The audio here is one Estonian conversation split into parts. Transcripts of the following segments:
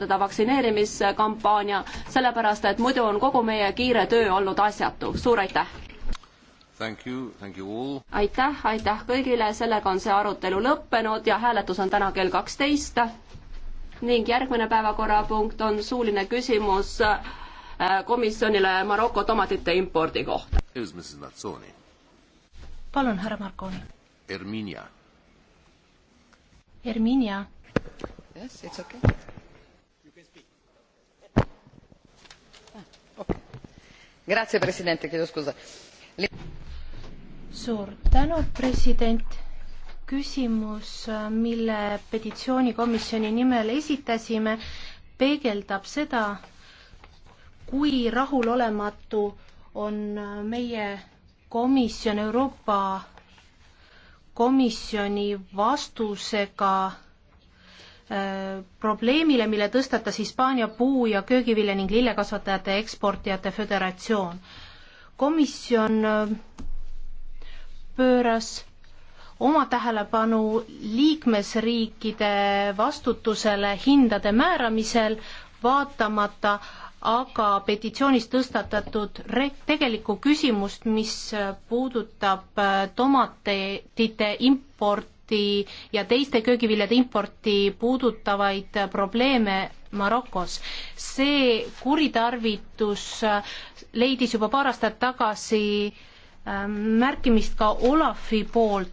seda vaktsineerimiskampaania, sellepärast et muidu on kogu meie kiire töö olnud asjatu. suur aitäh! aitäh, aitäh kõigile, sellega on see arutelu lõppenud ja hääletus on täna kell kaksteist. ning järgmine päevakorrapunkt on suuline küsimus äh, komisjonile Maroko tomatite impordi kohta. palun, härra Marconi. Erminia. Erminia. Yes, it's okay suur tänu, president. küsimus, mille petitsioonikomisjoni nimel esitasime, peegeldab seda, kui rahulolematu on meie komisjon Euroopa Komisjoni vastusega Äh, probleemile, mille tõstatas Hispaania puu- ja köögivilja ning lillekasvatajate eksportijate föderatsioon. komisjon äh, pööras oma tähelepanu liikmesriikide vastutusele hindade määramisel, vaatamata aga petitsioonis tõstatatud tegelikku küsimust, mis puudutab äh, tomatite import importi ja teiste köögiviljade importi puudutavaid probleeme Marokos. see kuritarvitus leidis juba paar aastat tagasi ähm, märkimist ka Olafi poolt,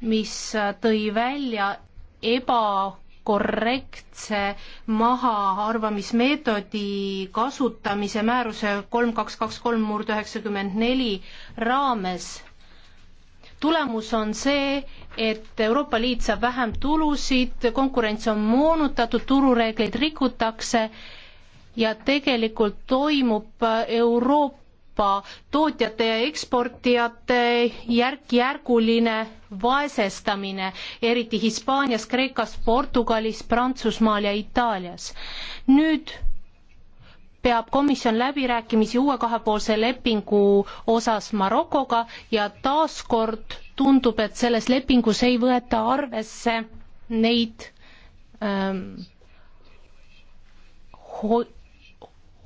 mis äh, tõi välja ebakorrektse mahaarvamismeetodi kasutamise määruse kolm kaks kaks kolm murd üheksakümmend neli raames. tulemus on see, et Euroopa Liit saab vähem tulusid, konkurents on moonutatud, turureegleid rikutakse ja tegelikult toimub Euroopa tootjate ja eksportijate järk-järguline vaesestamine, eriti Hispaanias, Kreekas, Portugalis, Prantsusmaal ja Itaalias. nüüd peab komisjon läbirääkimisi uue kahepoolse lepingu osas Marokoga ja taaskord tundub, et selles lepingus ei võeta arvesse neid ähm, ho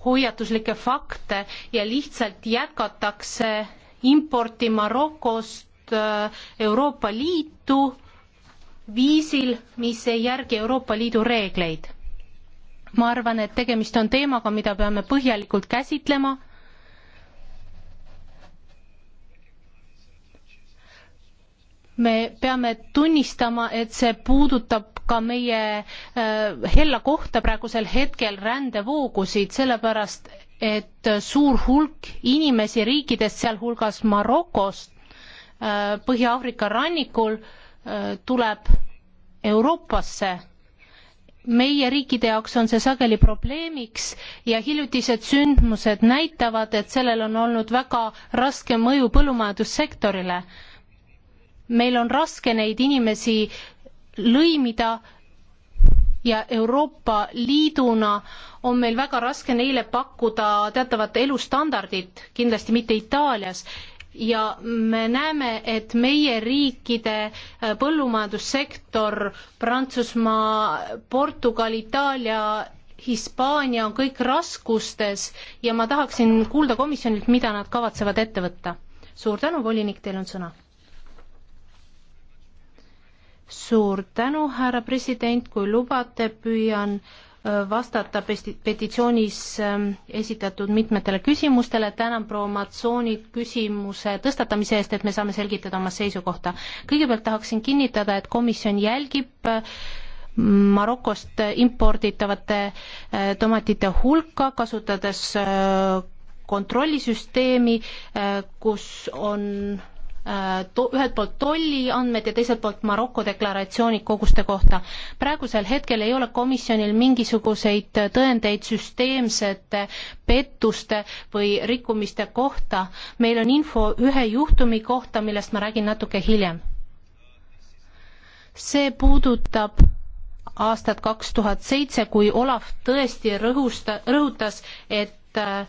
hoiatuslikke fakte ja lihtsalt jätkatakse importi Marokost äh, Euroopa Liitu viisil, mis ei järgi Euroopa Liidu reegleid ma arvan, et tegemist on teemaga, mida peame põhjalikult käsitlema. me peame tunnistama, et see puudutab ka meie äh, hella kohta praegusel hetkel rändevoogusid, sellepärast et suur hulk inimesi riikidest, sealhulgas Marokost äh,, Põhja-Aafrika rannikul äh, tuleb Euroopasse meie riikide jaoks on see sageli probleemiks ja hiljutised sündmused näitavad, et sellel on olnud väga raske mõju põllumajandussektorile. meil on raske neid inimesi lõimida ja Euroopa Liiduna on meil väga raske neile pakkuda teatavat elustandardit, kindlasti mitte Itaalias ja me näeme, et meie riikide äh, põllumajandussektor, Prantsusmaa, Portugal, Itaalia, Hispaania on kõik raskustes ja ma tahaksin kuulda komisjonilt, mida nad kavatsevad ette võtta. suur tänu, volinik, teil on sõna. suur tänu, härra president, kui lubate, püüan äh, vastata pesti-, petitsioonis ähm, esitatud mitmetele küsimustele, tänan proua Matsoonit küsimuse tõstatamise eest, et me saame selgitada oma seisukohta. kõigepealt tahaksin kinnitada, et komisjon jälgib äh, Marokost imporditavate äh, tomatite hulka, kasutades äh, kontrollisüsteemi, kus on Äh, to-, ühelt poolt tolliandmed ja teiselt poolt Maroko deklaratsioonid koguste kohta. praegusel hetkel ei ole komisjonil mingisuguseid tõendeid süsteemsete pettuste või rikkumiste kohta, meil on info ühe juhtumi kohta, millest ma räägin natuke hiljem. see puudutab aastat kaks tuhat seitse, kui Olav tõesti rõhusta, rõhutas, et äh,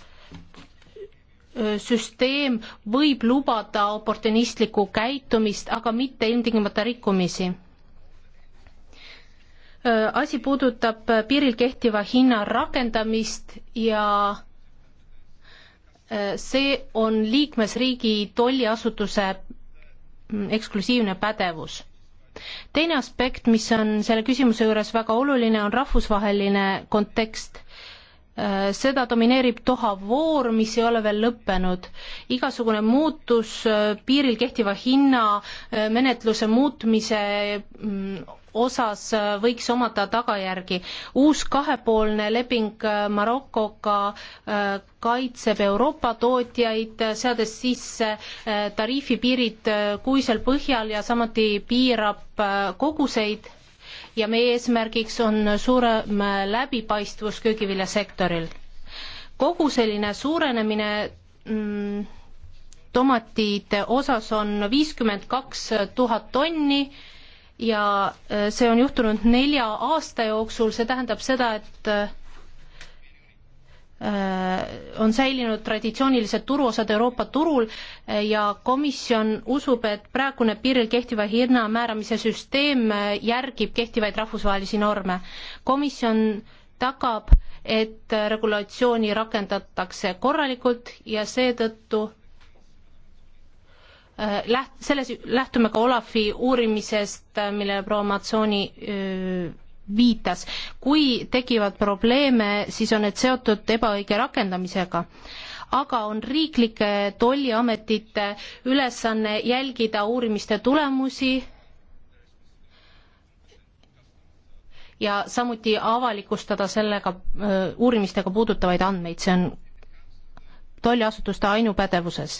süsteem võib lubada oportunistlikku käitumist, aga mitte ilmtingimata rikkumisi. asi puudutab piiril kehtiva hinna rakendamist ja see on liikmesriigi tolliasutuse eksklusiivne pädevus. teine aspekt, mis on selle küsimuse juures väga oluline, on rahvusvaheline kontekst Äh, seda domineerib Doha voor, mis ei ole veel lõppenud. igasugune muutus äh, piiril kehtiva hinna äh, menetluse muutmise mm, osas võiks omada tagajärgi. uus kahepoolne leping Marokoga kaitseb Euroopa tootjaid, seades sisse tariifipiirid kuisel põhjal ja samuti piirab koguseid ja meie eesmärgiks on suurem läbipaistvus köögiviljasektoril. kogu selline suurenemine mm, tomatite osas on viiskümmend kaks tuhat tonni ja äh, see on juhtunud nelja aasta jooksul, see tähendab seda, et äh, Äh, on säilinud traditsioonilised turuosad Euroopa turul äh, ja komisjon usub, et praegune piiril kehtiva hinna määramise süsteem äh, järgib kehtivaid rahvusvahelisi norme. komisjon tagab, et regulatsiooni rakendatakse korralikult ja seetõttu läht-, selles lähtume ka Olafi uurimisest, mille proua Matsooni öö, viitas. kui tekivad probleeme, siis on need seotud ebaõige rakendamisega aga on riiklike tolliametite ülesanne jälgida uurimiste tulemusi ja samuti avalikustada sellega, uurimistega puudutavaid andmeid, see on tolliasutuste ainupädevuses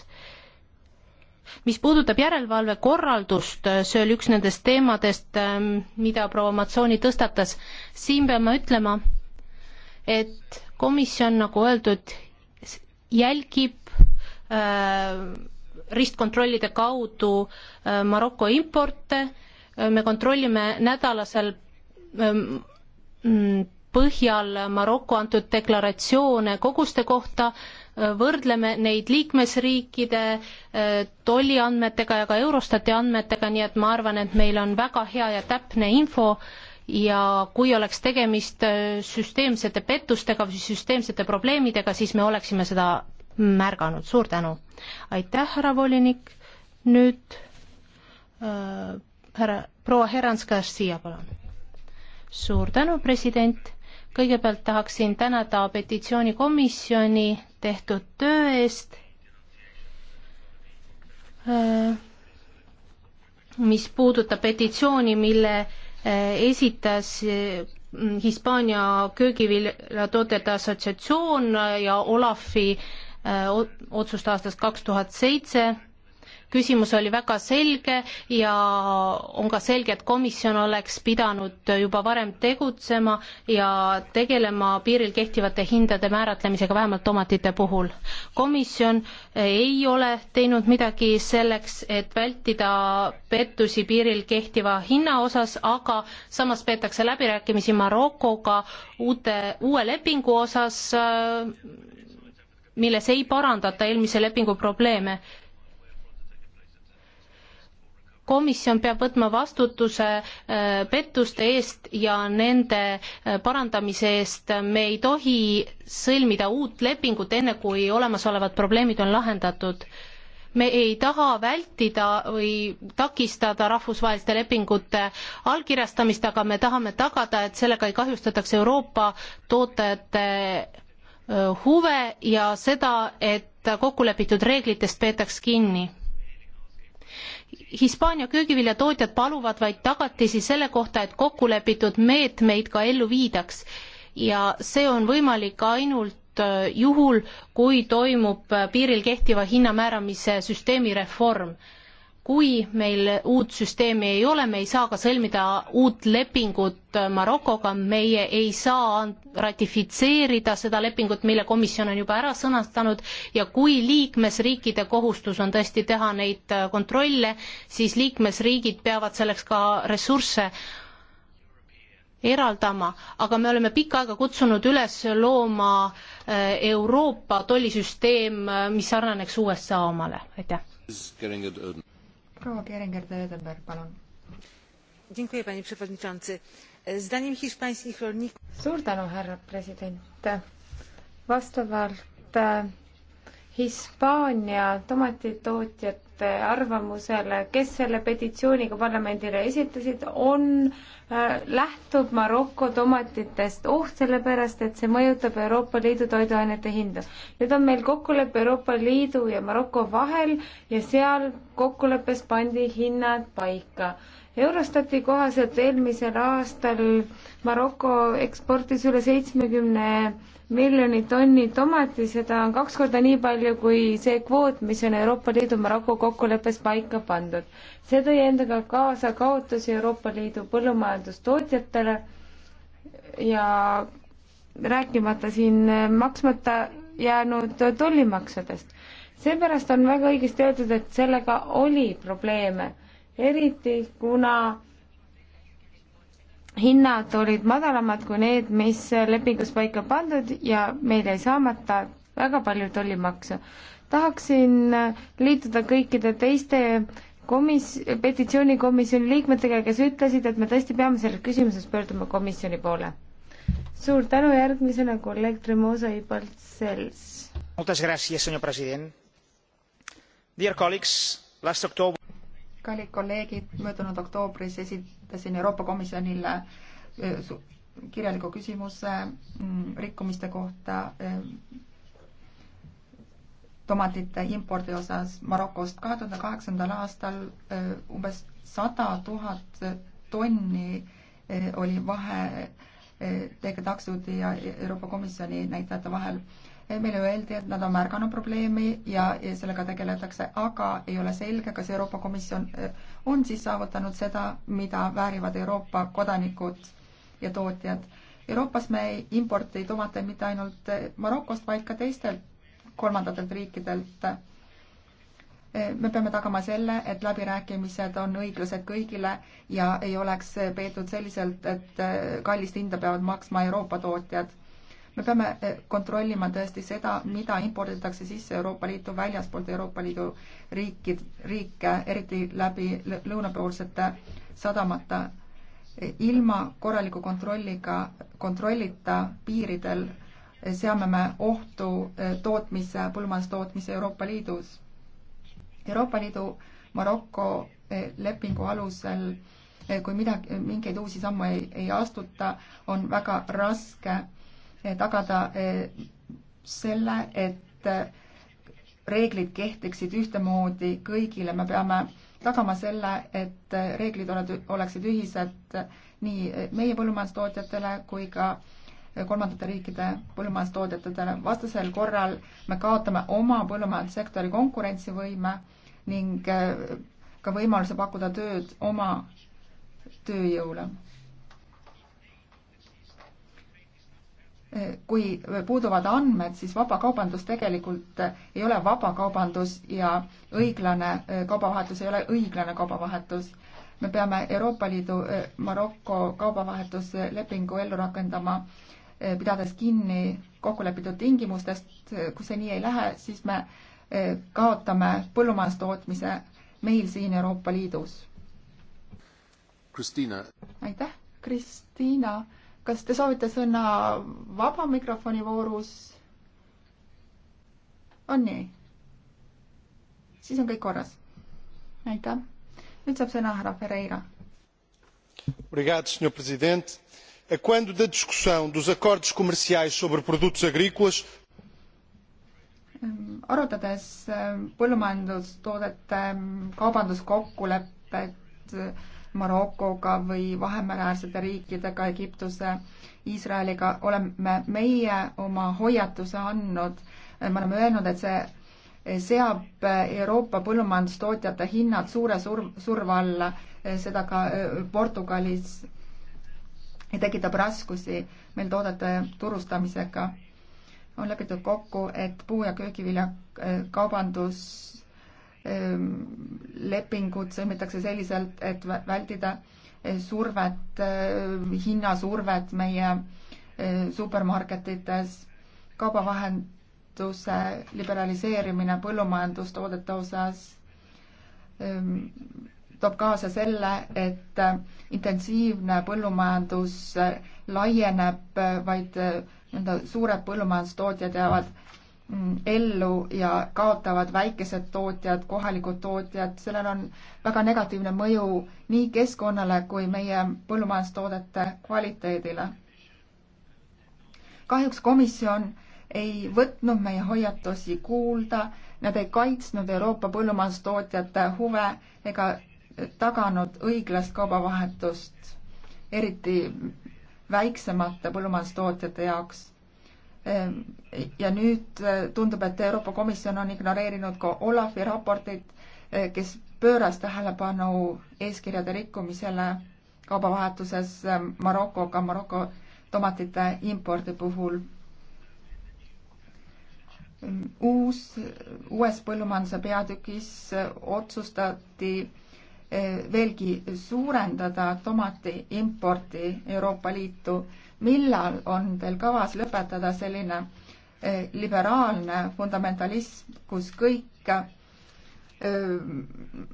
mis puudutab järelevalve korraldust, äh, see oli üks nendest teemadest, ähm, mida proua Matsooni tõstatas, siin pean ma ütlema, et komisjon, nagu öeldud, jälgib äh, ristkontrollide kaudu äh, Maroko importe äh,, me kontrollime nädalasel ähm, põhjal Maroko antud deklaratsioone koguste kohta, võrdleme neid liikmesriikide äh, tolliandmetega ja ka Eurostati andmetega, nii et ma arvan, et meil on väga hea ja täpne info ja kui oleks tegemist äh, süsteemsete pettustega või süsteemsete probleemidega, siis me oleksime seda märganud, suur tänu. aitäh, härra volinik, nüüd äh, härra, proua Herans Garcia, palun. suur tänu, president kõigepealt tahaksin tänada petitsioonikomisjoni tehtud töö eest, äh, mis puudutab petitsiooni, mille äh, esitas äh, Hispaania köögiviljatoodete assotsiatsioon ja Olafi otsust aastast kaks tuhat seitse küsimus oli väga selge ja on ka selge, et komisjon oleks pidanud juba varem tegutsema ja tegelema piiril kehtivate hindade määratlemisega vähemalt tomatite puhul. komisjon ei ole teinud midagi selleks, et vältida pettusi piiril kehtiva hinna osas, aga samas peetakse läbirääkimisi Marokoga uute, uue lepingu osas, milles ei parandata eelmise lepingu probleeme komisjon peab võtma vastutuse äh, pettuste eest ja nende äh, parandamise eest, me ei tohi sõlmida uut lepingut, enne kui olemasolevad probleemid on lahendatud me ei taha vältida või takistada rahvusvaheliste lepingute allkirjastamist, aga me tahame tagada, et sellega ei kahjustataks Euroopa tootjate äh, huve ja seda, et kokkulepitud reeglitest peetaks kinni Hispaania köögiviljatootjad paluvad vaid tagatisi selle kohta, et kokkulepitud meetmeid ka ellu viidaks ja see on võimalik ainult äh, juhul, kui toimub äh, piiril kehtiva hinna määramise süsteemi reform kui meil uut süsteemi ei ole, me ei saa ka sõlmida uut lepingut Marokoga, meie ei saa ratifitseerida seda lepingut, mille komisjon on juba ära sõnastanud ja kui liikmesriikide kohustus on tõesti teha neid kontrolle, siis liikmesriigid peavad selleks ka ressursse eraldama, aga me oleme pikka aega kutsunud üles looma äh, Euroopa tollisüsteem, äh, mis sarnaneks USA omale, aitäh proua Keringer-Teedenberg, palun. suur tänu, härra president. vastavalt eh, Hispaania tomatitootjate liikmete arvamusele, kes selle petitsiooniga parlamendile esitasid, on äh,, lähtub Maroko tomatitest oht, sellepärast et see mõjutab Euroopa Liidu toiduainete hinda. nüüd on meil kokkulepe Euroopa Liidu ja Maroko vahel ja seal kokkuleppes pandi hinnad paika Eurostati kohaselt eelmisel aastal Maroko eksportis üle seitsmekümne miljoni tonni tomati, seda on kaks korda nii palju kui see kvoot, mis on Euroopa Liidu Maroko kokkuleppes paika pandud. see tõi endaga kaasa kaotusi Euroopa Liidu põllumajandustootjatele ja rääkimata siin maksmata jäänud tollimaksudest. seepärast on väga õigesti öeldud, et sellega oli probleeme eriti kuna hinnad olid madalamad kui need, mis lepingus paika pandud ja meil jäi saamata väga palju tollimaksu. tahaksin liituda kõikide teiste komis-, petitsioonikomisjoni liikmetega, kes ütlesid, et me tõesti peame selles küsimuses pöörduma komisjoni poole. suur tänu, järgmisena kolleeg Tremosa Ibaltsels. Muchas gracias, senor president. Dear colleagues, last october kallid kolleegid, möödunud oktoobris esitasin Euroopa Komisjonile kirjaliku küsimuse mm, rikkumiste kohta tomatite impordi osas Marokost. kahe tuhande kaheksandal aastal umbes sada tuhat tonni oli vahe teega taksude ja Euroopa Komisjoni näitajate vahel meile öeldi, et nad on märganud probleemi ja, ja sellega tegeletakse, aga ei ole selge, kas Euroopa Komisjon äh, on siis saavutanud seda, mida väärivad Euroopa kodanikud ja tootjad. Euroopas me ei importi tomateid mitte ainult äh, Marokost, vaid ka teistelt kolmandatelt riikidelt. Äh, me peame tagama selle, et läbirääkimised on õiglased kõigile ja ei oleks peetud selliselt, et kallist hinda peavad maksma Euroopa tootjad me peame eh, kontrollima tõesti seda, mida imporditakse sisse Euroopa Liitu väljaspoolt Euroopa Liidu riiki, riike, eriti läbi lõunapoolsete sadamate. ilma korraliku kontrolliga, kontrollita piiridel eh, seame me ohtu eh, tootmise, põllumajandustootmise Euroopa Liidus. Euroopa Liidu Maroko lepingu alusel kui midagi, mingeid uusi samme ei, ei astuta, on väga raske Eh, tagada eh, selle, et eh, reeglid kehtiksid ühtemoodi kõigile, me peame tagama selle, et reeglid oleksid ühised nii meie põllumajandustootjatele kui ka kolmandate riikide põllumajandustootjatele. vastasel korral me kaotame oma põllumajandussektori konkurentsivõime ning ka võimaluse pakkuda tööd oma tööjõule kui puuduvad andmed, siis vabakaubandus tegelikult ei ole vabakaubandus ja õiglane äh, kaubavahetus ei ole õiglane kaubavahetus. me peame Euroopa Liidu äh, Maroko kaubavahetuslepingu ellu rakendama, äh, pidades kinni kokkulepitud tingimustest, kui see nii ei lähe, siis me kaotame põllumajandustootmise meil siin Euroopa Liidus. aitäh, Kristiina kas te soovite sõna vaba mikrofoni voorus? on nii? siis on kõik korras. aitäh. nüüd saab sõna härra Ferreira. Obrigado, senhor presidente. A quando da discussão dos acordos comerciais sobre produtos agrícolas ehm, arutades ehm, põllumajandustoodete ehm, kaubanduskokkulepet Marokoga või Vahemereäärsete riikidega, Egiptuse, Iisraeliga, oleme meie oma hoiatuse andnud. me oleme öelnud, et see seab Euroopa põllumajandustootjate hinnad suure sur-, surve alla, seda ka Portugalis ja tekitab raskusi meil toodete turustamisega. on lepitud kokku, et puu- ja köögivilja kaubandus Ehm, lepingud sõlmitakse selliselt, et vältida eh, survet, eh, hinnasurvet meie eh, supermarketites, kaubavahenduse liberaliseerimine põllumajandustoodete osas ehm, toob kaasa selle, et intensiivne põllumajandus laieneb, vaid nii-öelda suured põllumajandustootjad jäävad Mm, ellu ja kaotavad väikesed tootjad, kohalikud tootjad, sellel on väga negatiivne mõju nii keskkonnale kui meie põllumajandustoodete kvaliteedile. kahjuks komisjon ei võtnud meie hoiatusi kuulda, nad ei kaitsnud Euroopa põllumajandustootjate huve ega taganud õiglast kaubavahetust, eriti väiksemate põllumajandustootjate jaoks Ehm, ja nüüd eh, tundub, et Euroopa Komisjon on ignoreerinud ka Olafi raportit, eh, kes pööras tähelepanu eeskirjade rikkumisele kaubavahetuses eh, Marokoga, Maroko tomatite impordi puhul. Ehm, uus, uues põllumajanduse peatükis otsustati veelgi suurendada tomati importi Euroopa Liitu millal on teil kavas lõpetada selline eh, liberaalne fundamentalism, kus kõik eh,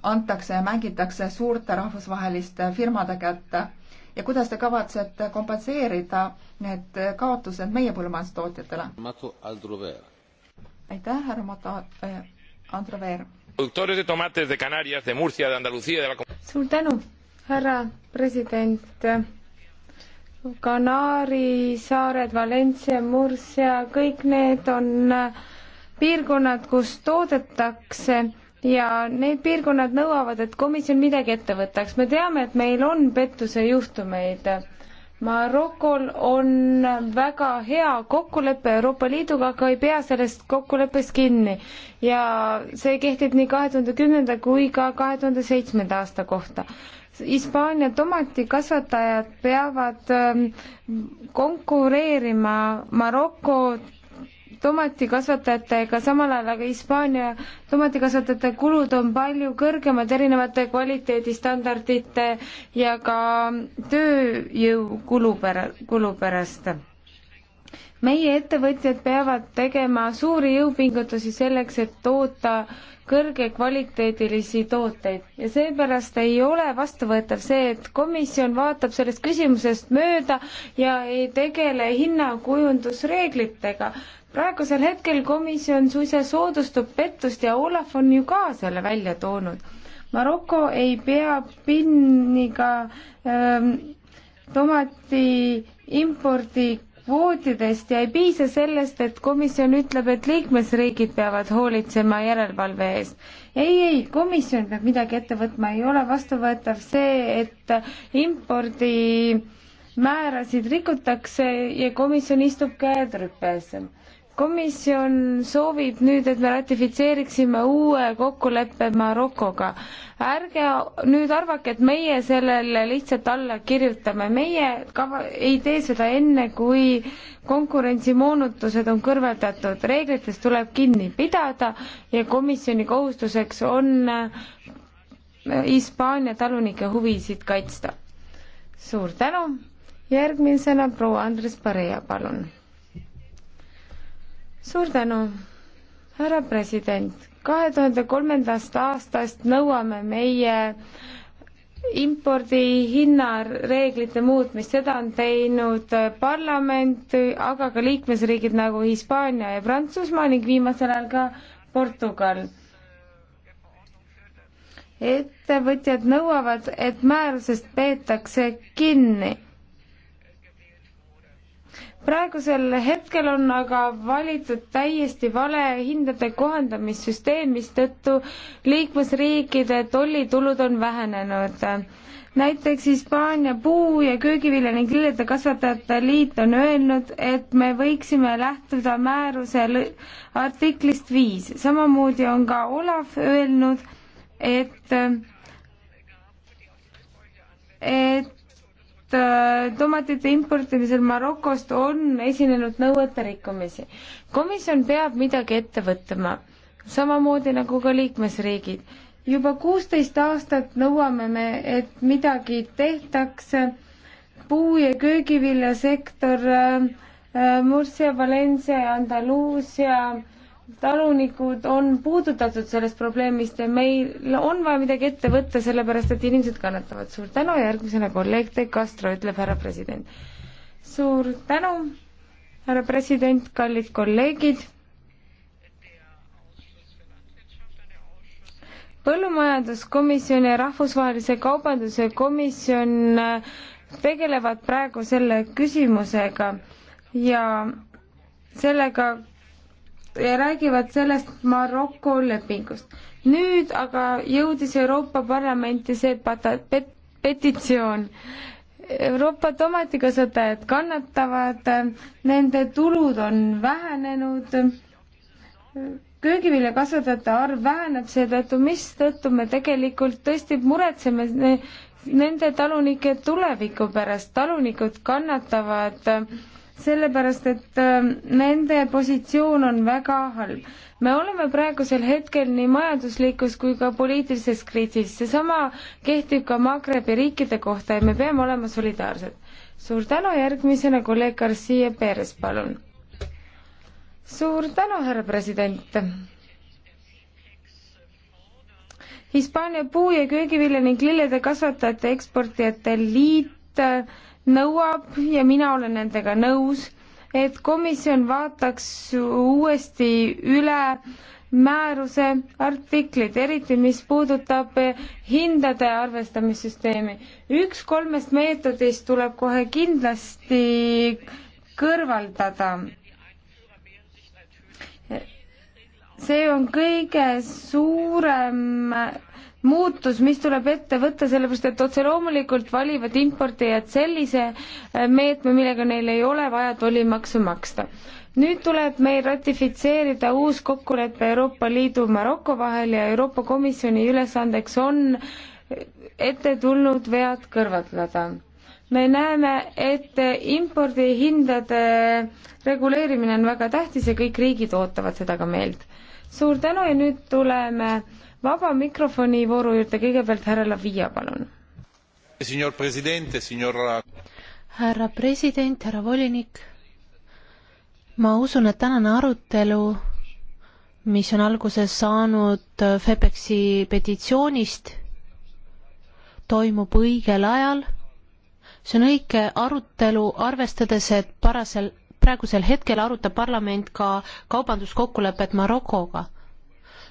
antakse ja mängitakse suurte rahvusvaheliste firmade kätte ja kuidas te kavatsete kompenseerida need kaotused meie põllumajandustootjatele? aitäh, härra Mato eh, Androver. suur tänu, härra president Kanaari saared, Valencia, Murcia, kõik need on äh, piirkonnad, kus toodetakse ja need piirkonnad nõuavad, et komisjon midagi ette võtaks. me teame, et meil on pettuse juhtumeid. Marokol on väga hea kokkulepe Euroopa Liiduga, aga ei pea sellest kokkuleppest kinni ja see kehtib nii kahe tuhande kümnenda kui ka kahe tuhande seitsmenda aasta kohta. Hispaania tomatikasvatajad peavad ähm, konkureerima Maroko tomatikasvatajatega, samal ajal aga Hispaania tomatikasvatajate kulud on palju kõrgemad erinevate kvaliteedistandardite ja ka tööjõu kulu pärast, kulu pärast meie ettevõtjad peavad tegema suuri jõupingutusi selleks, et toota kõrgekvaliteedilisi tooteid ja seepärast ei ole vastuvõetav see, et komisjon vaatab sellest küsimusest mööda ja ei tegele hinnakujundusreeglitega. praegusel hetkel komisjon suisa soodustab pettust ja Olav on ju ka selle välja toonud. Maroko ei pea pinniga ähm, tomati impordi kvootidest ja ei piisa sellest, et komisjon ütleb, et liikmesriigid peavad hoolitsema järelevalve eest. ei, ei, komisjon peab midagi ette võtma, ei ole vastuvõetav see, et impordi määrasid rikutakse ja komisjon istub käed rüpes komisjon soovib nüüd, et me ratifitseeriksime uue kokkuleppe Marokoga. ärge nüüd arvake, et meie sellele lihtsalt alla kirjutame, meie kava ei tee seda enne, kui konkurentsimoonutused on kõrvaldatud, reeglitest tuleb kinni pidada ja komisjoni kohustuseks on äh, Hispaania talunike huvisid kaitsta. suur tänu, järgmisena proua Andres Pareja, palun suur tänu, härra president. kahe tuhande kolmandast aastast nõuame meie impordi hinnareeglite muutmist, seda on teinud parlament, aga ka liikmesriigid nagu Hispaania ja Prantsusmaa ning viimasel ajal ka Portugal. ettevõtjad nõuavad, et määrusest peetakse kinni praegusel hetkel on aga valitud täiesti vale hindade kohandamissüsteem, mistõttu liikmesriikide tollitulud on vähenenud näiteks Hispaania puu- ja köögivilja ning lillede kasvatajate liit on öelnud, et me võiksime lähtuda määruse artiklist viis, samamoodi on ka Olav öelnud, et et Äh, tomatite importimisel Marokost on esinenud nõuete rikkumisi. komisjon peab midagi ette võtma, samamoodi nagu ka liikmesriigid. juba kuusteist aastat nõuame me, et midagi tehtakse puu- ja köögiviljasektor äh, äh Murcia, Valencia, Andaluusia talunikud on puudutatud sellest probleemist ja meil on vaja midagi ette võtta, sellepärast et inimesed kannatavad. suur tänu, järgmisena kolleeg De Castro, ütleb härra president. suur tänu, härra president, kallid kolleegid. põllumajanduskomisjon ja Rahvusvahelise Kaubanduse Komisjon äh, tegelevad praegu selle küsimusega ja sellega, ja räägivad sellest Maroko lepingust. nüüd aga jõudis Euroopa Parlamenti see pata-, pet-, petitsioon. Euroopa tomatikasõdajad kannatavad, nende tulud on vähenenud, köögiviljakasvatajate arv väheneb seetõttu, mistõttu me tegelikult tõesti muretseme nende talunike tuleviku pärast, talunikud kannatavad äh, sellepärast et ähm, nende positsioon on väga halb. me oleme praegusel hetkel nii majanduslikus kui ka poliitilises kriisis, seesama kehtib ka Magrebi riikide kohta ja me peame olema solidaarsed. suur tänu, järgmisena kolleeg Garcia Perez, palun. suur tänu, härra president. Hispaania puu- ja köögivilja ning lillede kasvatajate eksportijate liit äh, nõuab ja mina olen nendega nõus, et komisjon vaataks uuesti üle määruse artiklid, eriti mis puudutab hindade arvestamissüsteemi. üks kolmest meetodist tuleb kohe kindlasti kõrvaldada see on kõige suurem muutus, mis tuleb ette võtta, sellepärast et otse loomulikult valivad importijad sellise äh, meetme, millega neil ei ole vaja tollimaksu maksta. nüüd tuleb meil ratifitseerida uus kokkulepe Euroopa Liidu Maroko vahel ja Euroopa Komisjoni ülesandeks on äh, ette tulnud vead kõrvaldada me näeme, et impordihindade reguleerimine on väga tähtis ja kõik riigid ootavad seda ka meilt. suur tänu ja nüüd tuleme vaba mikrofoni vooru juurde, kõigepealt härra Lavia, palun. härra president, härra volinik, ma usun, et tänane arutelu mis on alguse saanud Febexi petitsioonist, toimub õigel ajal see on õige arutelu, arvestades, et parasel, praegusel hetkel arutab parlament ka kaubanduskokkulepet Marokoga.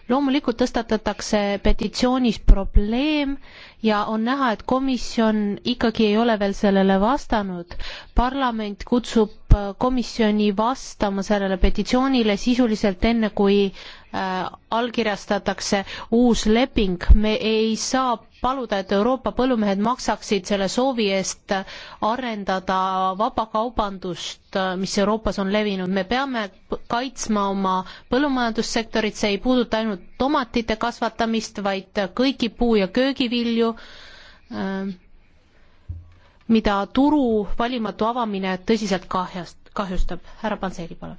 loomulikult tõstatatakse petitsioonis probleem ja on näha, et komisjon ikkagi ei ole veel sellele vastanud. parlament kutsub äh, komisjoni vastama sellele petitsioonile sisuliselt enne, kui äh, allkirjastatakse uus leping. me ei saa paluda, et Euroopa põllumehed maksaksid selle soovi eest äh, arendada vabakaubandust, äh, mis Euroopas on levinud. me peame kaitsma oma põllumajandussektorit, see ei puuduta ainult tomatite kasvatamist, vaid kõiki puu- ja köögivilju, vastu, äh, mida turu valimatu avamine tõsiselt kahjast, kahjustab. härra Panseri, palun.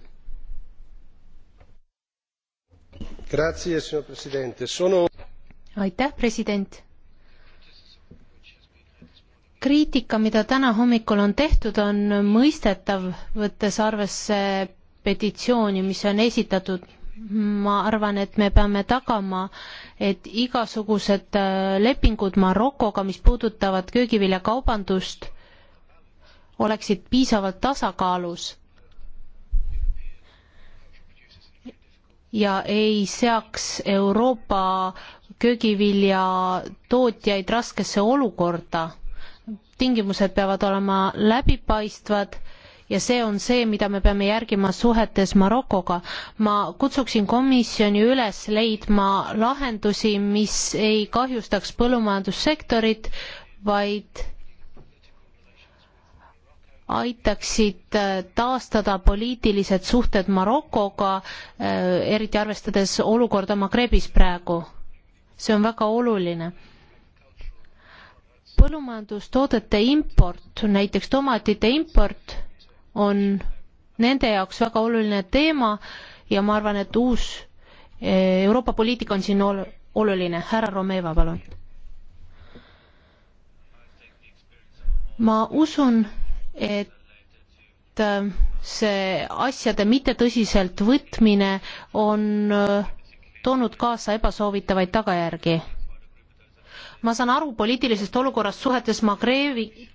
aitäh, president kriitika, mida täna hommikul on tehtud, on mõistetav, võttes arvesse petitsiooni, mis on esitatud ma arvan, et me peame tagama, et igasugused äh, lepingud Marokoga, mis puudutavad köögiviljakaubandust, oleksid piisavalt tasakaalus ja ei seaks Euroopa köögiviljatootjaid raskesse olukorda. tingimused peavad olema läbipaistvad ja see on see, mida me peame järgima suhetes Marokoga. ma kutsuksin komisjoni üles leidma lahendusi, mis ei kahjustaks põllumajandussektorit, vaid aitaksid äh, taastada poliitilised suhted Marokoga, äh, eriti arvestades olukorda Magrebis praegu. see on väga oluline põllumajandustoodete import, näiteks tomatite import on nende jaoks väga oluline teema ja ma arvan, et uus eh, Euroopa poliitika on siin ol-, oluline. härra Romeva, palun. ma usun, et äh, see asjade mittetõsiselt võtmine on äh, toonud kaasa ebasoovitavaid tagajärgi. ma saan aru poliitilisest olukorrast suhetes Magrebi,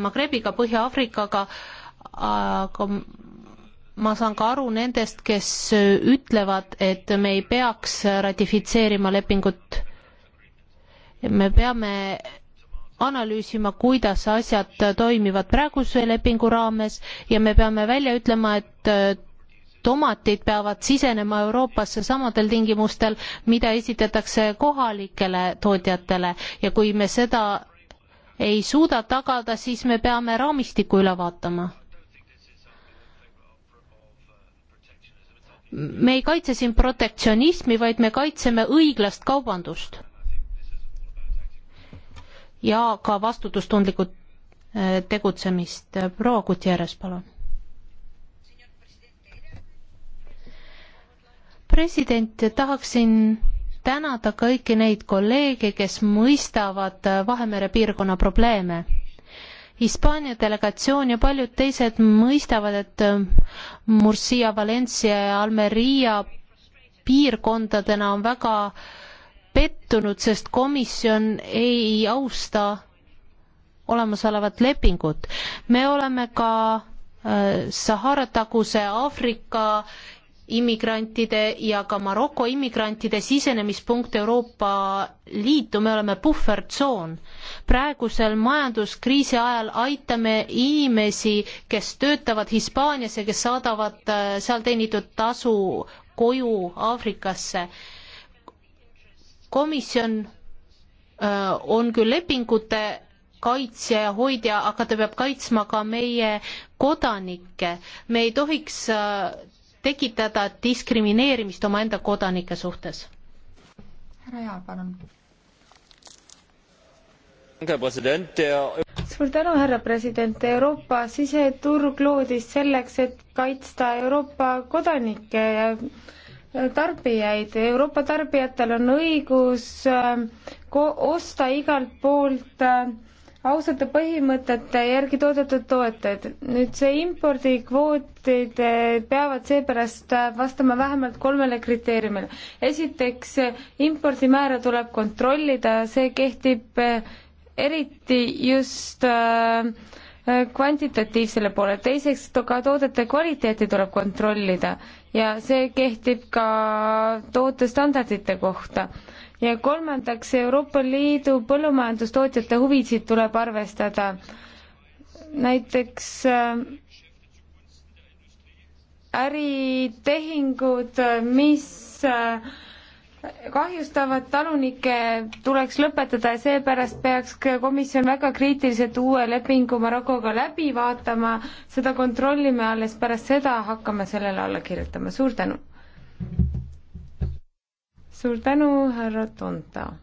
Magrebiga, Põhja-Aafrikaga äh,, aga ma saan ka aru nendest, kes ütlevad, et me ei peaks ratifitseerima lepingut. me peame analüüsima, kuidas asjad toimivad praeguse lepingu raames ja me peame välja ütlema, et äh, tomatid peavad sisenema Euroopasse samadel tingimustel, mida esitatakse kohalikele tootjatele ja kui me seda ei suuda tagada, siis me peame raamistiku üle vaatama me ei kaitse siin protektsionismi, vaid me kaitseme õiglast kaubandust. ja ka vastutustundlikku eh, tegutsemist. proua Gutierrez, palun. president, tahaksin tänada kõiki neid kolleege, kes mõistavad Vahemere piirkonna probleeme Hispaania delegatsioon ja paljud teised mõistavad, et äh, Murcia, Valencia ja Almeria piirkondadena on väga pettunud, sest komisjon ei austa olemasolevat lepingut. me oleme ka äh, Sahara taguse Aafrika immigrantide ja ka Maroko immigrantide sisenemispunkt Euroopa Liitu, me oleme puhvertsoon. praegusel majanduskriisi ajal aitame inimesi, kes töötavad Hispaanias ja kes saadavad äh, seal teenitud tasu koju Aafrikasse. komisjon äh, on küll lepingute kaitsja ja hoidja, aga ta peab kaitsma ka meie kodanikke. me ei tohiks äh, tekitada diskrimineerimist omaenda kodanike suhtes. härra Jaar, palun. suur tänu, härra president, Euroopa siseturg loodi selleks, et kaitsta Euroopa kodanikke ja tarbijaid, Euroopa tarbijatel on õigus äh, osta igalt poolt äh, ausate põhimõtete järgi toodetud tooted. nüüd see impordikvootid peavad seepärast vastama vähemalt kolmele kriteeriumile. esiteks, impordimäära tuleb kontrollida, see kehtib eh, eriti just äh, kvantitatiivsele poole, teiseks ka toodete kvaliteeti tuleb kontrollida ja see kehtib ka toote standardite kohta ja kolmandaks, Euroopa Liidu põllumajandustootjate huvisid tuleb arvestada. näiteks äh, äritehingud, mis äh, kahjustavad talunikke, tuleks lõpetada ja seepärast peaks komisjon väga kriitiliselt uue lepingu Marokoga läbi vaatama, seda kontrollime alles pärast seda, hakkame sellele alla kirjutama, suur tänu! suur tänu, härra Tonta.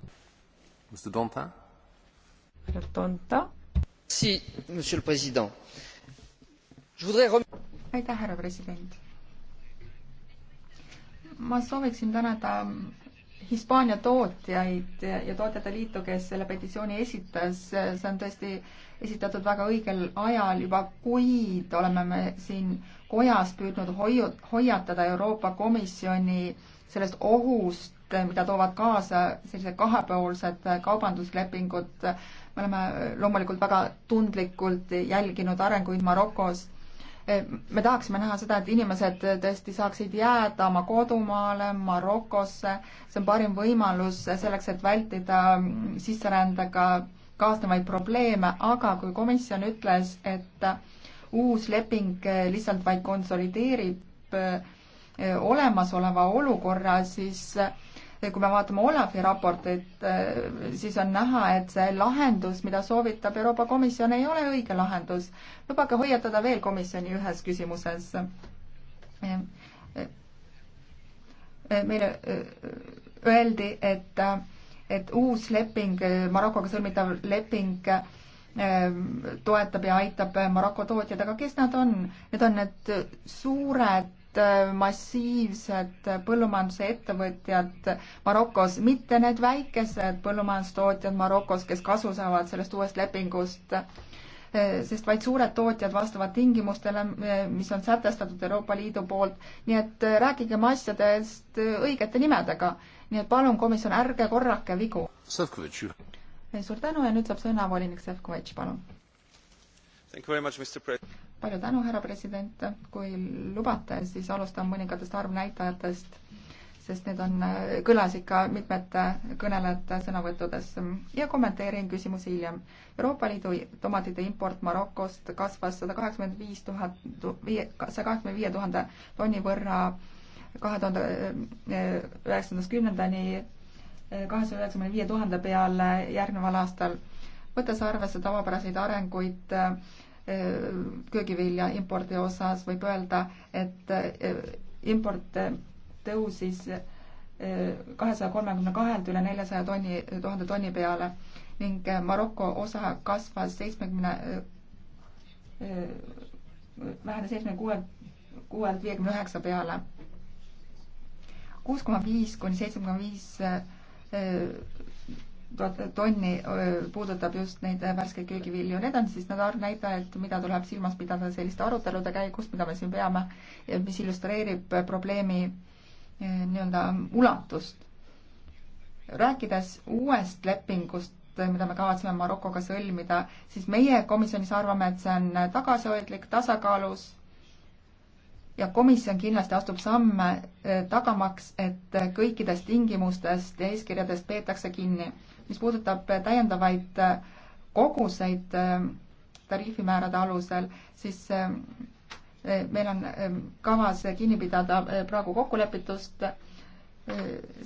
härra Tonta. aitäh, härra president. ma sooviksin tänada Hispaania tootjaid ja Tootjate Liitu, kes selle petitsiooni esitas, see on tõesti esitatud väga õigel ajal, juba kuid oleme me siin kojas püüdnud hoiu-, hoiatada Euroopa Komisjoni sellest ohust, hüved, eh, mida toovad kaasa sellised kahepoolsed eh, kaubanduslepingud. me oleme eh, loomulikult väga tundlikult jälginud arenguid Marokos. me tahaksime näha seda, et inimesed tõesti saaksid jääda oma kodumaale, Marokosse. see on parim võimalus selleks, et vältida mm, sisserändega kaasnevaid probleeme, aga kui komisjon ütles, et uus leping lihtsalt vaid konsolideerib olemasoleva olukorra, siis kui me vaatame Olavi raportit, eh, siis on näha, et see lahendus, mida soovitab Euroopa Komisjon, ei ole õige lahendus. lubage hoiatada veel komisjoni ühes küsimuses. Eh, eh, meile öeldi, et, et uus leping, Marokoga sõlmitav leping toetab ja aitab Maroko tootjad, aga kes nad on? Need on need suured Äh, massiivsed põllumajanduse ettevõtjad Marokos, mitte need väikesed põllumajandustootjad Marokos, kes kasu saavad sellest uuest lepingust, äh, sest vaid suured tootjad vastavad tingimustele, äh, mis on sätestatud Euroopa Liidu poolt. nii et rääkigem asjadest õigete nimedega. nii et palun, komisjon, ärge korrake vigu. suur tänu ja nüüd saab sõna volinik Sefkovitš, palun palju tänu, härra president, kui lubate, siis alustan mõningatest arvnäitajatest, sest need on, kõlasid ka mitmete kõnelejate sõnavõttudes ja kommenteerin küsimusi hiljem. Euroopa Liidu tomatite import Marokost kasvas sada kaheksakümmend viis tuhat, saja kaheksakümne viie tuhande tonni võrra kahe tuhande eh, üheksandast kümnendani eh, kahesaja üheksakümne viie tuhande peale järgneval aastal. võttes arvesse tavapäraseid arenguid äh, köögivilja impordi osas võib öelda, et eh, import tõusis eh, kahesaja kolmekümne kahelt üle neljasaja tonni, tuhande tonni peale ning eh, Maroko osa kasvas seitsmekümne, vähenes seitsmekümne kuuelt, kuuelt viiekümne üheksa peale. kuus koma viis kuni seitse koma viis tuhat tonni puudutab just neid värskeid köögivilju ja nii edasi, siis need on näitajad, mida tuleb silmas pidada selliste arutelude käigus, mida me siin peame ja mis illustreerib probleemi nii-öelda ulatust. rääkides uuest lepingust, mida me kavatseme Marokoga sõlmida, siis meie komisjonis arvame, et see on tagasihoidlik, tasakaalus ja komisjon kindlasti astub samme tagamaks, et kõikidest tingimustest ja eeskirjadest peetakse kinni mis puudutab täiendavaid äh, koguseid äh, tariifimäärade alusel, siis äh, meil on kavas kinni pidada praegu kokkulepitust,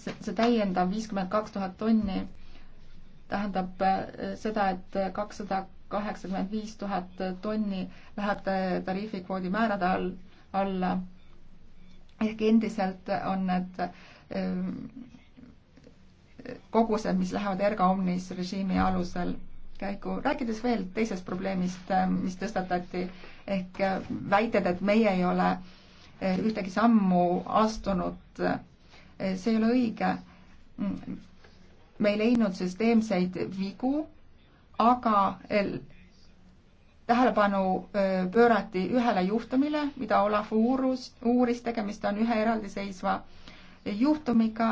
see täiendav viiskümmend kaks tuhat tonni tähendab seda, et kakssada kaheksakümmend viis tuhat tonni läheb tariifikvoodi määrade all, alla. ehk endiselt on need kogused, mis lähevad erga omnis režiimi alusel käiku. rääkides veel teisest probleemist, äh, mis tõstatati, ehk äh, väited, et meie ei ole äh, ühtegi sammu astunud, see ei ole õige. me ei leidnud süsteemseid vigu, aga tähelepanu pöörati ühele juhtumile, mida Olav uurus, uuris, tegemist on ühe eraldiseisva juhtumiga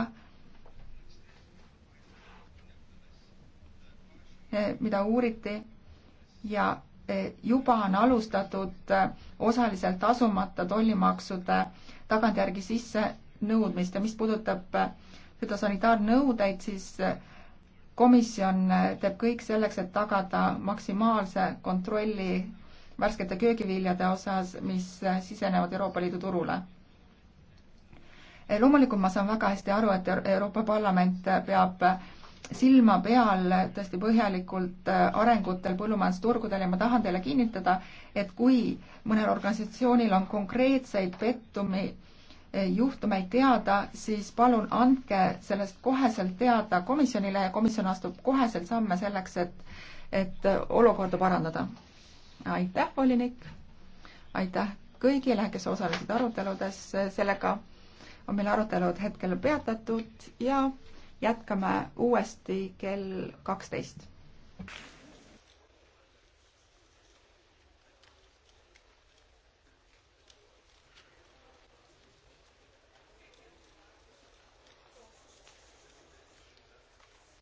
Eh, mida uuriti ja eh, juba on alustatud eh, osaliselt tasumata tollimaksude tagantjärgi sissenõudmist ja mis puudutab fütosanitaarnõudeid, siis komisjon teeb kõik selleks, et tagada maksimaalse kontrolli värskete köögiviljade osas, mis sisenevad Euroopa Liidu turule. loomulikult ma saan väga hästi aru, et Euroopa Parlament peab silma peal tõesti põhjalikult äh, arengutel põllumajandusturgudel ja ma tahan teile kinnitada, et kui mõnel organisatsioonil on konkreetseid pettumi äh, juhtumeid teada, siis palun andke sellest koheselt teada komisjonile ja komisjon astub koheselt samme selleks, et, et äh, olukorda parandada. aitäh, volinik! aitäh kõigile, kes osalesid aruteludes, sellega on meil arutelud hetkel peatatud ja jätkame uuesti kell kaksteist.